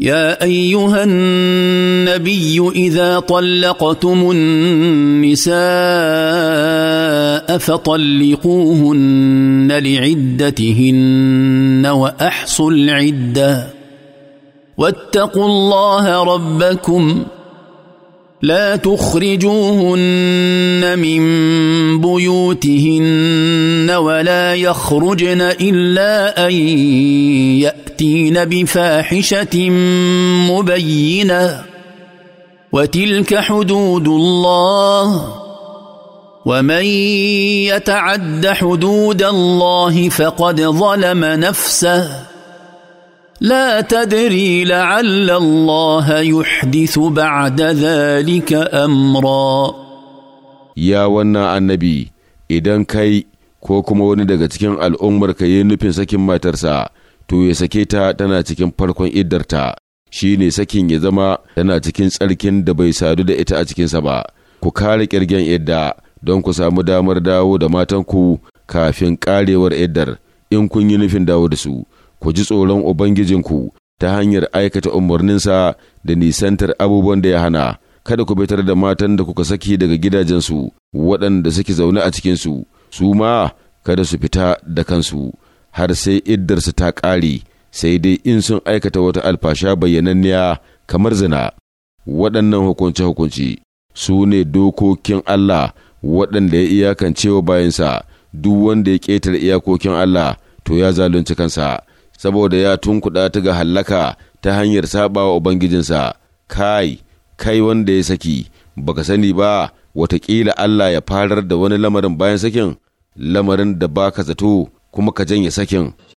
يا ايها النبي اذا طلقتم النساء فطلقوهن لعدتهن واحصوا العده واتقوا الله ربكم لا تخرجوهن من بيوتهن ولا يخرجن الا ان ياتين بفاحشه مبينه وتلك حدود الله ومن يتعد حدود الله فقد ظلم نفسه لا تدري لعل الله يحدث بعد ذلك أمرا يا ونا النبي idan kai ko kuma wani daga cikin al'ummar ka ya nufin sakin matarsa to ya sake ta tana cikin farkon iddarta shi ne sakin ya zama tana cikin tsarkin da bai sadu da ita a cikinsa ba ku kare kirgen idda don ku samu damar dawo da matanku kafin karewar iddar in kun yi nufin dawo da su ku ji tsoron Ubangijinku ta hanyar aikata umarninsa da nisantar abubuwan da ya hana, kada ku fitar da matan da kuka saki daga gidajensu waɗanda suke zaune a cikinsu, su ma kada su fita da kansu, har sai iddarsu ta ƙare, sai dai in sun aikata wata alfasha bayyananniya kamar zina. Waɗannan hukunce-hukunce su ne dokokin Allah waɗanda ya iyakancewa bayansa, duk wanda ya ƙetare iyakokin Allah to ya zalunci kansa. saboda ya tunkuɗa ta ga hallaka ta hanyar saɓawa ubangijinsa kai kai wanda ya saki baka sani ba watakila Allah ya farar da wani lamarin bayan sakin lamarin da baka zato kuma ka janye sakin